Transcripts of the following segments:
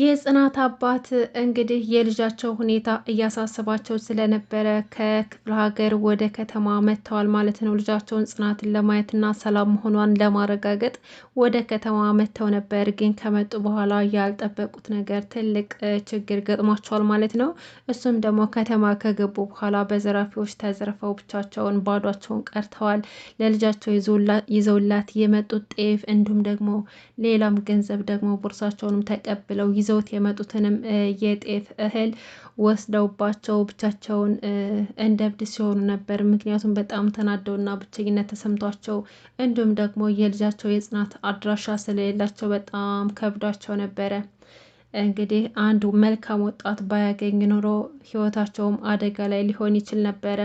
የጽናት አባት እንግዲህ የልጃቸው ሁኔታ እያሳሰባቸው ስለነበረ ከክፍለ ሀገር ወደ ከተማ መጥተዋል ማለት ነው። ልጃቸውን ጽናትን ለማየትና ሰላም መሆኗን ለማረጋገጥ ወደ ከተማ መጥተው ነበር። ግን ከመጡ በኋላ ያልጠበቁት ነገር ትልቅ ችግር ገጥሟቸዋል ማለት ነው። እሱም ደግሞ ከተማ ከገቡ በኋላ በዘራፊዎች ተዘርፈው ብቻቸውን ባዷቸውን ቀርተዋል። ለልጃቸው ይዘውላት የመጡት ጤፍ እንዲሁም ደግሞ ሌላም ገንዘብ ደግሞ ቦርሳቸውንም ተቀብለው ይዘውት የመጡትንም የጤፍ እህል ወስደውባቸው ብቻቸውን እንደ እብድ ሲሆኑ ነበር። ምክንያቱም በጣም ተናደውና ብቸኝነት ተሰምቷቸው እንዲሁም ደግሞ የልጃቸው የጽናት አድራሻ ስለሌላቸው በጣም ከብዷቸው ነበረ። እንግዲህ አንዱ መልካም ወጣት ባያገኝ ኖሮ ህይወታቸውም አደጋ ላይ ሊሆን ይችል ነበረ።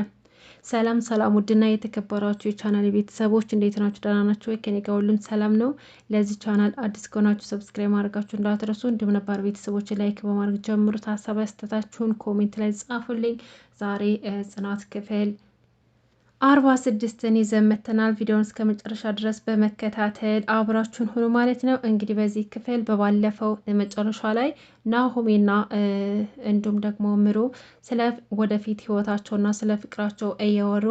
ሰላም ሰላም ውድና የተከበራችሁ የቻናል ቤተሰቦች እንዴት ናችሁ? ደህና ናችሁ ወይ? ከኔ ጋር ሁሉም ሰላም ነው። ለዚህ ቻናል አዲስ ከሆናችሁ ሰብስክራይብ ማድረጋችሁ እንዳትረሱ፣ እንዲሁም ነባር ቤተሰቦች ላይክ በማድረግ ጀምሩት። ሀሳብ አስተታችሁን ኮሜንት ላይ ጻፉልኝ። ዛሬ ጽናት ክፍል አርባ ስድስትን ይዘን ቪዲዮን ቪዲዮውን እስከ መጨረሻ ድረስ በመከታተል አብራችሁን ሆኖ ማለት ነው። እንግዲህ በዚህ ክፍል በባለፈው መጨረሻ ላይ ናሆሜና እንዲሁም ደግሞ ምሩ ስለ ወደፊት ህይወታቸውና ስለ ፍቅራቸው እየወሩ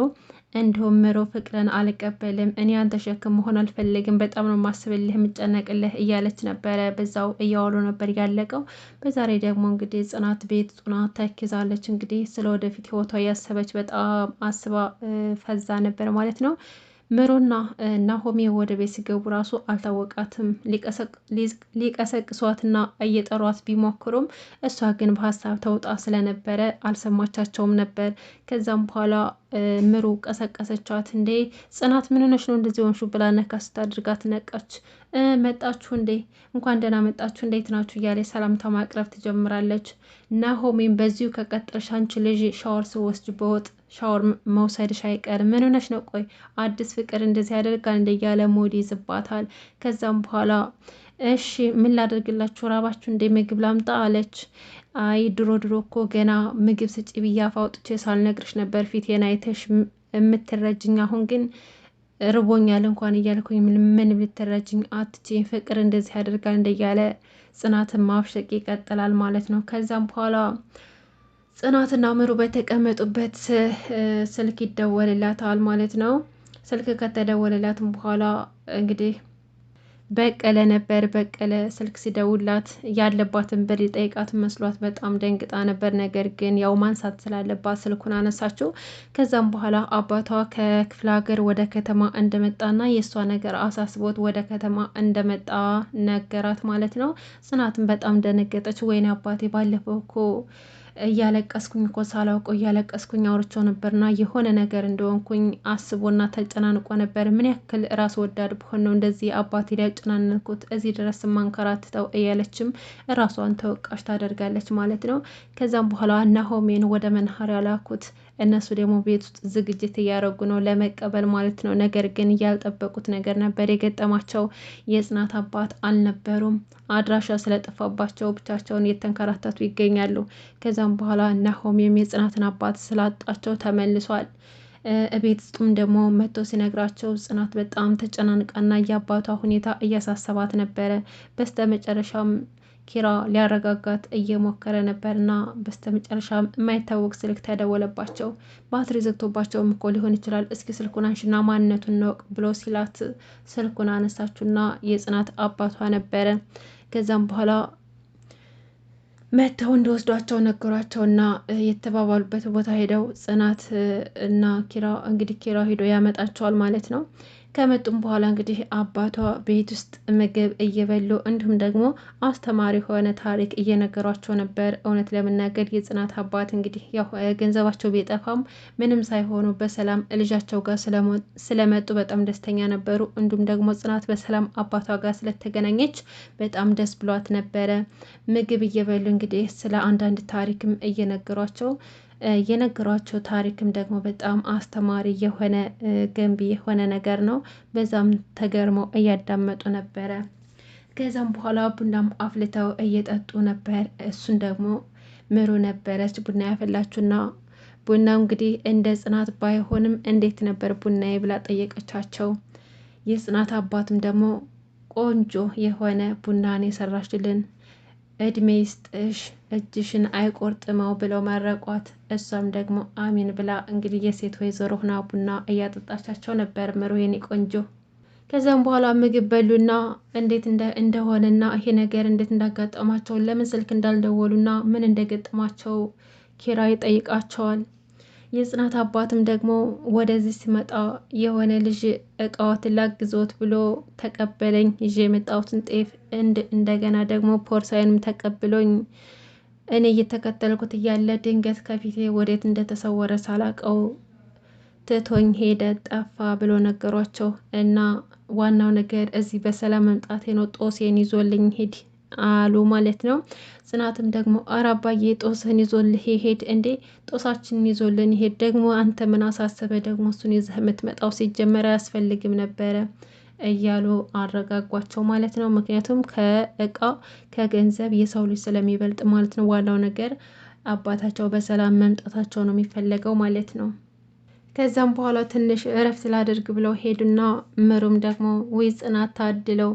እንዲሁም ምሮ ፍቅርን አልቀበልም እኔ አንተ ሸክም መሆን አልፈለግም፣ በጣም ነው ማስብልህ የምጨነቅልህ እያለች ነበረ። በዛው እያወሉ ነበር ያለቀው። በዛሬ ደግሞ እንግዲህ ጽናት ቤት ጽናት ተኪዛለች። እንግዲህ ስለ ወደፊት ህይወቷ እያሰበች በጣም አስባ ፈዛ ነበር ማለት ነው። ምሮና ናሆሜ ወደ ቤት ሲገቡ ራሱ አልታወቃትም። ሊቀሰቅሷትና እየጠሯት ቢሞክሩም እሷ ግን በሀሳብ ተውጣ ስለነበረ አልሰማቻቸውም ነበር። ከዛም በኋላ ምሩ ቀሰቀሰቻት። እንዴ ጽናት ምን ሆነሽ ነው እንደዚህ ሆንሹ? ብላ ነካ ስታድርጋት ነቃች። መጣችሁ እንዴ እንኳን ደህና መጣችሁ፣ እንዴት ናችሁ? እያለ ሰላምታ ማቅረብ ትጀምራለች። ናሆሜን በዚሁ ከቀጠልሽ አንቺ ልጅ ሻወር ስወስድ በወጥ ሻወር መውሰድሽ አይቀርም። ምን ሆነሽ ነው? ቆይ አዲስ ፍቅር እንደዚህ ያደርጋል እንደ እያለ ሞድ ይዝባታል። ከዛም በኋላ እሺ ምን ላደርግላችሁ? ራባችሁ እንዴ ምግብ ላምጣ? አለች አይ ድሮ ድሮ እኮ ገና ምግብ ስጪ ብዬ አፍ ሳልነግርሽ ነበር ፊቴን አይተሽ የምትረጅኝ። አሁን ግን ርቦኛል እንኳን እያልኩኝ ምን ብትረጅኝ አትቼ ፍቅር እንደዚህ ያደርጋል እንደያለ ጽናትን ማብሸቅ ይቀጥላል ማለት ነው። ከዛም በኋላ ጽናትና ምሩ በተቀመጡበት ስልክ ይደወልላታል ማለት ነው። ስልክ ከተደወልላትም በኋላ እንግዲህ በቀለ ነበር። በቀለ ስልክ ሲደውላት ያለባትን ብር ሊጠይቃት መስሏት በጣም ደንግጣ ነበር። ነገር ግን ያው ማንሳት ስላለባት ስልኩን አነሳችው። ከዛም በኋላ አባቷ ከክፍለ ሀገር ወደ ከተማ እንደመጣና የእሷ ነገር አሳስቦት ወደ ከተማ እንደመጣ ነገራት ማለት ነው። ጽናትን በጣም ደነገጠች። ወይኔ አባቴ ባለፈው እኮ እያለቀስኩኝ እኮ ሳላውቀው እያለቀስኩኝ አውርቼው ነበርና የሆነ ነገር እንደሆንኩኝ አስቦና ተጨናንቆ ነበር። ምን ያክል ራስ ወዳድ ብሆን ነው እንደዚህ አባቴ ሊያጨናንኩት እዚህ ድረስ ማንከራትተው እያለችም ራሷን ተወቃሽ ታደርጋለች ማለት ነው። ከዛም በኋላ ናሆሜን ወደ መናኸሪያ ላኩት። እነሱ ደግሞ ቤት ውስጥ ዝግጅት እያደረጉ ነው ለመቀበል ማለት ነው። ነገር ግን ያልጠበቁት ነገር ነበር የገጠማቸው። የጽናት አባት አልነበሩም። አድራሻ ስለጠፋባቸው ብቻቸውን እየተንከራተቱ ይገኛሉ። ከዛም በኋላ ናሆሜም የጽናትን አባት ስላጣቸው ተመልሷል። እቤት ውስጡም ደግሞ መጥቶ ሲነግራቸው ጽናት በጣም ተጨናንቃና የአባቷ ሁኔታ እያሳሰባት ነበረ። በስተ መጨረሻም ኪራ ሊያረጋጋት እየሞከረ ነበርና በስተመጨረሻ የማይታወቅ ስልክ ተደወለባቸው። ባትሪ ዘግቶባቸውም እኮ ሊሆን ይችላል፣ እስኪ ስልኩን አንሽና ማንነቱን እንወቅ ብሎ ሲላት ስልኩን አነሳችና የጽናት አባቷ ነበረ። ከዛም በኋላ መተው እንደወስዷቸው ነገሯቸውና የተባባሉበት ቦታ ሄደው ጽናት እና ኪራ እንግዲህ ኪራ ሄዶ ያመጣቸዋል ማለት ነው። ከመጡም በኋላ እንግዲህ አባቷ ቤት ውስጥ ምግብ እየበሉ እንዲሁም ደግሞ አስተማሪ የሆነ ታሪክ እየነገሯቸው ነበር። እውነት ለመናገር የጽናት አባት እንግዲህ ያው ገንዘባቸው ቢጠፋም ምንም ሳይሆኑ በሰላም ልጃቸው ጋር ስለመጡ በጣም ደስተኛ ነበሩ። እንዲሁም ደግሞ ጽናት በሰላም አባቷ ጋር ስለተገናኘች በጣም ደስ ብሏት ነበረ። ምግብ እየበሉ እንግዲህ ስለ አንዳንድ ታሪክም እየነገሯቸው የነገሯቸው ታሪክም ደግሞ በጣም አስተማሪ የሆነ ገንቢ የሆነ ነገር ነው። በዛም ተገርመው እያዳመጡ ነበረ። ከዛም በኋላ ቡናም አፍልተው እየጠጡ ነበር። እሱን ደግሞ ምሩ ነበረች ቡና ያፈላችሁና ቡና እንግዲህ እንደ ጽናት ባይሆንም እንዴት ነበር ቡናዬ ብላ ጠየቀቻቸው። የጽናት አባትም ደግሞ ቆንጆ የሆነ ቡናን የሰራችልን እድሜ ይስጥሽ እጅሽን አይቆርጥመው ብለው መረቋት። እሷም ደግሞ አሚን ብላ እንግዲህ የሴት ወይዘሮ ሁና ቡና እያጠጣቻቸው ነበር ምሩ የኔ ቆንጆ። ከዚያም በኋላ ምግብ በሉና እንዴት እንደሆነና ይሄ ነገር እንዴት እንዳጋጠማቸው ለምን ስልክ እንዳልደወሉና ምን እንደገጠማቸው ኪራ ይጠይቃቸዋል የጽናት አባትም ደግሞ ወደዚህ ሲመጣ የሆነ ልጅ እቃዎትን ላግዞት ብሎ ተቀበለኝ። ይዤ የመጣሁትን ጤፍ እንደገና ደግሞ ፖርሳይንም ተቀብሎኝ እኔ እየተከተልኩት እያለ ድንገት ከፊቴ ወዴት እንደተሰወረ ሳላቀው ትቶኝ ሄደ፣ ጠፋ ብሎ ነገሯቸው እና ዋናው ነገር እዚህ በሰላም መምጣቴ ነው። ጦሴን ይዞልኝ ሄድ አሉ ማለት ነው። ጽናትም ደግሞ ኧረ አባዬ ጦስህን ይዞልህ ይሄድ እንዴ ጦሳችንን ይዞልን ይሄድ ደግሞ አንተ ምን አሳሰበ ደግሞ እሱን ይዘህ የምትመጣው ሲጀመር አያስፈልግም ነበረ እያሉ አረጋጓቸው ማለት ነው። ምክንያቱም ከእቃ ከገንዘብ የሰው ልጅ ስለሚበልጥ ማለት ነው። ዋናው ነገር አባታቸው በሰላም መምጣታቸው ነው የሚፈለገው ማለት ነው። ከዛም በኋላ ትንሽ እረፍት ላደርግ ብለው ሄዱና ምሩም ደግሞ ውይ ጽናት ታድለው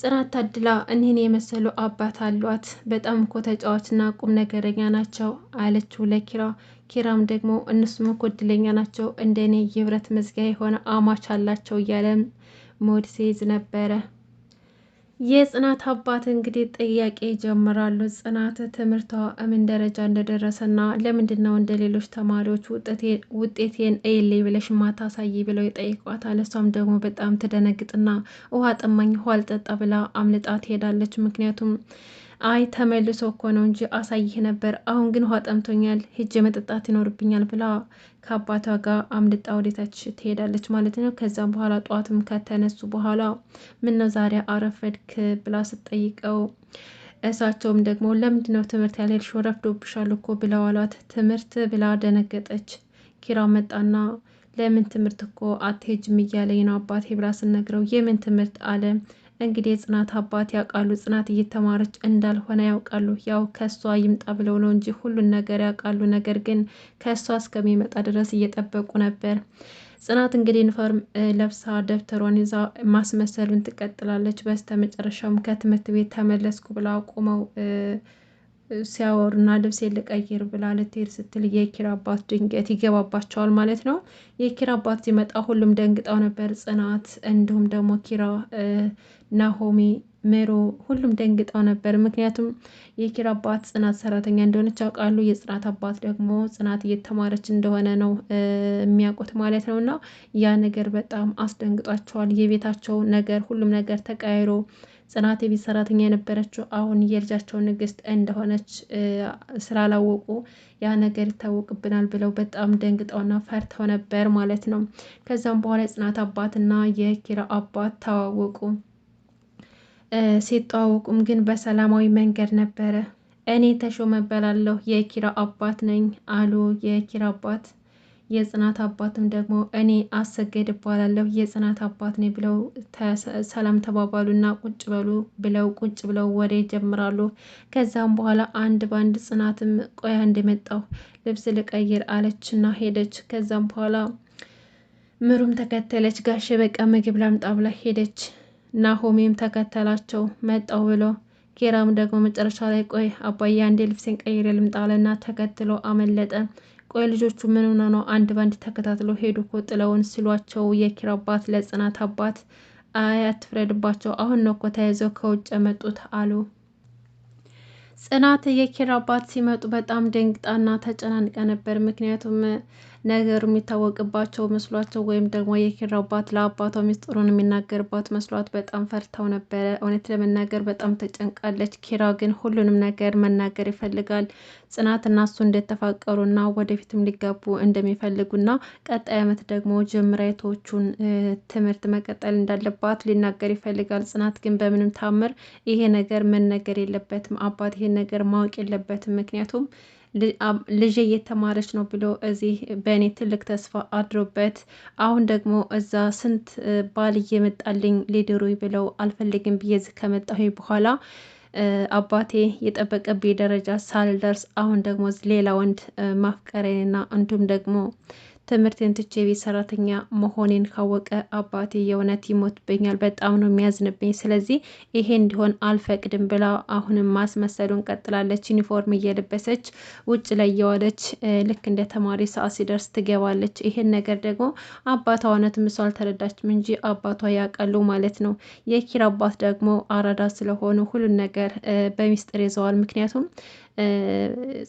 ጽናት ታድላ እኒህን የመሰሉ አባት አሏት። በጣም እኮ ተጫዋችና ቁም ነገረኛ ናቸው አለችው ለኪራ። ኪራም ደግሞ እነሱም እኮ እድለኛ ናቸው እንደኔ የብረት መዝጊያ የሆነ አማች አላቸው እያለም ሞድ ሲይዝ ነበረ። የጽናት አባት እንግዲህ ጥያቄ ይጀምራሉ። ጽናት ትምህርቷ ምን ደረጃ እንደደረሰና ለምንድን ነው እንደ ሌሎች ተማሪዎች ውጤቴን እይልኝ ብለሽ ማታሳይ ብለው ይጠይቋታል። እሷም ደግሞ በጣም ትደነግጥና ውሃ ጠማኝ፣ ውሃ አልጠጣ ብላ አምልጣ ትሄዳለች። ምክንያቱም አይ ተመልሶ እኮ ነው እንጂ አሳይህ ነበር። አሁን ግን ውሃ ጠምቶኛል፣ ሄጄ መጠጣት ይኖርብኛል ብላ ከአባቷ ጋር አምልጣ ወደታች ትሄዳለች ማለት ነው። ከዛም በኋላ ጠዋትም ከተነሱ በኋላ ምነው ዛሬ አረፈድክ ብላ ስትጠይቀው እሳቸውም ደግሞ ለምንድን ነው ትምህርት ያልሄድሽው? ረፍዶብሻል እኮ ብለዋላት። ትምህርት ብላ ደነገጠች። ኪራ መጣና ለምን ትምህርት እኮ አትሄጅም እያለኝ ነው አባቴ ብላ ስነግረው የምን ትምህርት አለ እንግዲህ የጽናት አባት ያውቃሉ። ጽናት እየተማረች እንዳልሆነ ያውቃሉ። ያው ከእሷ ይምጣ ብለው ነው እንጂ ሁሉን ነገር ያውቃሉ። ነገር ግን ከእሷ እስከሚመጣ ድረስ እየጠበቁ ነበር። ጽናት እንግዲህ ዩኒፎርም ለብሳ ደብተሯን ይዛ ማስመሰሉን ትቀጥላለች። በስተ መጨረሻውም ከትምህርት ቤት ተመለስኩ ብላ ቆመው ሲያወሩና ልብስ ልቀይር ብላ ልትሄድ ስትል የኪራ አባት ድንገት ይገባባቸዋል ማለት ነው። የኪራ አባት ሲመጣ ሁሉም ደንግጠው ነበር። ጽናት እንዲሁም ደግሞ ኪራ ናሆሜ ምሮ ሁሉም ደንግጠው ነበር። ምክንያቱም የኪራ አባት ጽናት ሰራተኛ እንደሆነች ያውቃሉ። የጽናት አባት ደግሞ ጽናት እየተማረች እንደሆነ ነው የሚያውቁት ማለት ነው። እና ያ ነገር በጣም አስደንግጧቸዋል። የቤታቸው ነገር ሁሉም ነገር ተቀያይሮ ጽናት የቤት ሰራተኛ የነበረችው አሁን የልጃቸው ንግስት እንደሆነች ስላላወቁ ያ ነገር ይታወቅብናል ብለው በጣም ደንግጠውና ፈርተው ነበር ማለት ነው። ከዛም በኋላ የጽናት አባትና የኪራ አባት ተዋወቁ። ሲተዋወቁም ግን በሰላማዊ መንገድ ነበረ። እኔ ተሾመ እባላለሁ የኪራ አባት ነኝ አሉ የኪራ አባት። የጽናት አባትም ደግሞ እኔ አሰገድ እባላለሁ የጽናት አባት ነኝ ብለው ሰላም ተባባሉና ቁጭ በሉ ብለው ቁጭ ብለው ወሬ ጀምራሉ ከዛም በኋላ አንድ በአንድ ጽናትም ቆያ እንደመጣው ልብስ ልቀይር አለችና ሄደች። ከዛም በኋላ ምሩም ተከተለች። ጋሼ በቃ ምግብ ላምጣ ብላ ሄደች። ናሆሜም ተከተላቸው መጣው ብሎ ኬራም ደግሞ መጨረሻ ላይ ቆይ አባዬ አንዴ ልብሴን ቀይሬ ልምጣለና ተከትሎ አመለጠ። ቆይ ልጆቹ ምን ሆነ ነው አንድ ባንድ ተከታትሎ ሄዱ እኮ ጥለውን ሲሏቸው የኪራ አባት ለጽናት አባት አይ አትፍረድባቸው፣ አሁን ነው እኮ ተያይዘው ከውጭ የመጡት አሉ። ጽናት የኪራ አባት ሲመጡ በጣም ደንግጣና ተጨናንቃ ነበር። ምክንያቱም ነገሩ የሚታወቅባቸው መስሏቸው ወይም ደግሞ የኪራ አባት ለአባቷ ሚስጥሩን የሚናገርባት መስሏት በጣም ፈርተው ነበረ። እውነት ለመናገር በጣም ተጨንቃለች። ኪራ ግን ሁሉንም ነገር መናገር ይፈልጋል። ጽናትና እሱ እንደተፋቀሩና ወደፊትም ሊጋቡ እንደሚፈልጉና ቀጣይ ዓመት ደግሞ ጀምራይቶቹን ትምህርት መቀጠል እንዳለባት ሊናገር ይፈልጋል። ጽናት ግን በምንም ታምር ይሄ ነገር መነገር የለበትም አባት ይሄን ነገር ማወቅ የለበትም። ምክንያቱም ልጄ እየተማረች ነው ብሎ እዚህ በእኔ ትልቅ ተስፋ አድሮበት አሁን ደግሞ እዛ ስንት ባል እየመጣልኝ ሊድሩኝ ብለው አልፈልግም ብዬ እዚህ ከመጣሁ በኋላ አባቴ የጠበቀብኝ ደረጃ ሳልደርስ አሁን ደግሞ ሌላ ወንድ ማፍቀሬንና እንዲሁም ደግሞ ትምህርቴን ትቼ የቤት ሰራተኛ መሆኔን ካወቀ አባቴ የእውነት ይሞትብኛል፣ በጣም ነው የሚያዝንብኝ። ስለዚህ ይሄ እንዲሆን አልፈቅድም ብላ አሁንም ማስመሰሉን ቀጥላለች። ዩኒፎርም እየለበሰች ውጭ ላይ እየዋለች ልክ እንደ ተማሪ ሰዓት ሲደርስ ትገባለች። ይሄን ነገር ደግሞ አባቷ እውነትም እሷ አልተረዳችም እንጂ አባቷ ያውቃሉ ማለት ነው። የኪራ አባት ደግሞ አራዳ ስለሆኑ ሁሉን ነገር በሚስጥር ይዘዋል። ምክንያቱም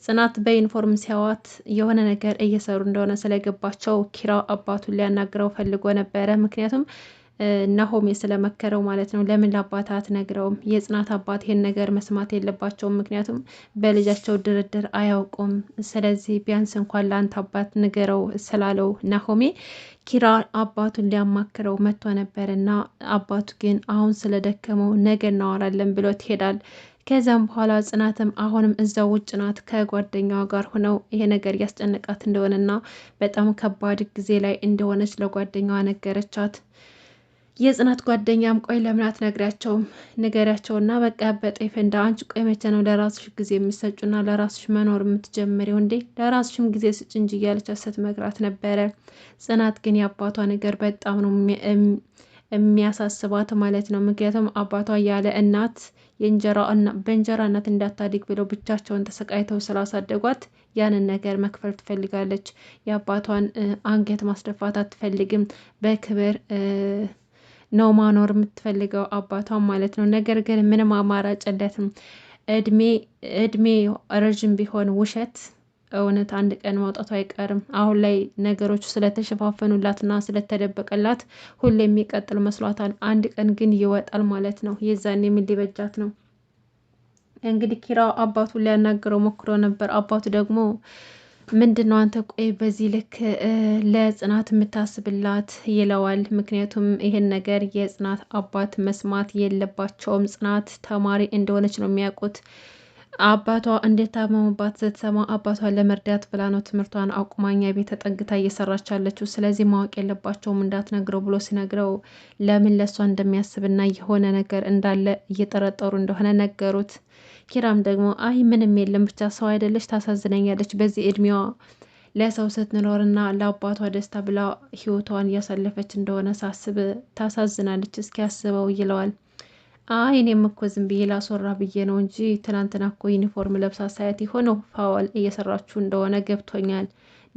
ጽናት በዩኒፎርም ሲያዋት የሆነ ነገር እየሰሩ እንደሆነ ስለገባቸው ኪራ አባቱን ሊያናግረው ፈልጎ ነበረ። ምክንያቱም ናሆሜ ስለመከረው ማለት ነው። ለምን ለአባት አትነግረውም? የጽናት አባት ይሄን ነገር መስማት የለባቸውም። ምክንያቱም በልጃቸው ድርድር አያውቁም። ስለዚህ ቢያንስ እንኳን ለአንተ አባት ንገረው ስላለው ናሆሜ ኪራ አባቱን ሊያማክረው መጥቶ ነበር እና አባቱ ግን አሁን ስለደከመው ነገ እናወራለን ብሎ ትሄዳል። ከዚያም በኋላ ጽናትም አሁንም እዛው ውጭ ናት ከጓደኛዋ ጋር ሆነው ይሄ ነገር እያስጨነቃት እንደሆነና በጣም ከባድ ጊዜ ላይ እንደሆነች ለጓደኛዋ ነገረቻት። የጽናት ጓደኛም ቆይ ለምን አትነግሪያቸውም? ንገሪያቸውና በቃ በጤፍ እንደ አንቺ ቆይ መቼ ነው ለራስሽ ጊዜ የምትሰጩና ለራስሽ መኖር የምትጀምሪው እንዴ? ለራስሽም ጊዜ ስጭ እንጂ እያለች ስትመክራት ነበረ። ጽናት ግን የአባቷ ነገር በጣም ነው የሚያሳስባት ማለት ነው። ምክንያቱም አባቷ ያለ እናት በእንጀራ እናት እንዳታድግ ብለው ብቻቸውን ተሰቃይተው ስላሳደጓት ያንን ነገር መክፈል ትፈልጋለች። የአባቷን አንገት ማስደፋት አትፈልግም። በክብር ነው ማኖር የምትፈልገው አባቷን ማለት ነው። ነገር ግን ምንም አማራጭ የላትም። እድሜ እድሜ ረዥም ቢሆን ውሸት እውነት አንድ ቀን ማውጣቱ አይቀርም። አሁን ላይ ነገሮቹ ስለተሸፋፈኑላትና ስለተደበቀላት ሁሌ የሚቀጥል መስሏታል። አንድ ቀን ግን ይወጣል ማለት ነው። የዛን ምን ሊበጃት ነው? እንግዲህ ኪራ አባቱን ሊያናግረው ሞክሮ ነበር። አባቱ ደግሞ ምንድን ነው አንተ ቆይ በዚህ ልክ ለጽናት የምታስብላት ይለዋል። ምክንያቱም ይህን ነገር የጽናት አባት መስማት የለባቸውም። ጽናት ተማሪ እንደሆነች ነው የሚያውቁት። አባቷ እንደታመሙባት ስትሰማ አባቷን ለመርዳት ብላ ነው ትምህርቷን አቁማኛ ቤተ ጠግታ እየሰራች ያለችው። ስለዚህ ማወቅ የለባቸውም እንዳትነግረው ብሎ ሲነግረው ለምን ለእሷ እንደሚያስብና የሆነ ነገር እንዳለ እየጠረጠሩ እንደሆነ ነገሩት። ኪራም ደግሞ አይ ምንም የለም ብቻ ሰው አይደለች ታሳዝነኛለች፣ በዚህ እድሜዋ ለሰው ስትኖርና ለአባቷ ደስታ ብላ ህይወቷን እያሳለፈች እንደሆነ ሳስብ ታሳዝናለች፣ እስኪ ያስበው ይለዋል። አይ እኔም እኮ ዝም ብዬ ላስወራ ብዬ ነው እንጂ ትናንትና እኮ ዩኒፎርም ለብሳ ሳያት የሆነው ፋውል እየሰራችሁ እንደሆነ ገብቶኛል።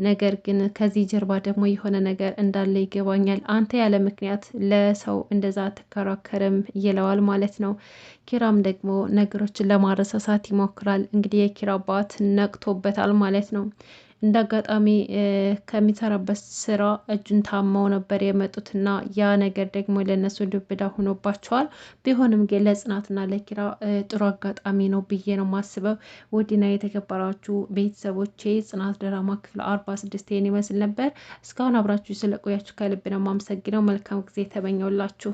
ነገር ግን ከዚህ ጀርባ ደግሞ የሆነ ነገር እንዳለ ይገባኛል። አንተ ያለ ምክንያት ለሰው እንደዛ አትከራከርም ይለዋል ማለት ነው። ኪራም ደግሞ ነገሮችን ለማረሳሳት ይሞክራል። እንግዲህ የኪራ አባት ነቅቶበታል ማለት ነው። እንደ አጋጣሚ ከሚሰራበት ስራ እጁን ታመው ነበር የመጡትና ያ ነገር ደግሞ ለነሱ ዱብዳ ሆኖባቸዋል። ቢሆንም ግን ለጽናትና ለኪራ ጥሩ አጋጣሚ ነው ብዬ ነው ማስበው። ውድና የተከበራችሁ ቤተሰቦቼ ጽናት ድራማ ክፍል አርባ ስድስት ይህን ይመስል ነበር። እስካሁን አብራችሁ ስለቆያችሁ ከልብ ነው ማመሰግነው። መልካም ጊዜ ተመኘውላችሁ።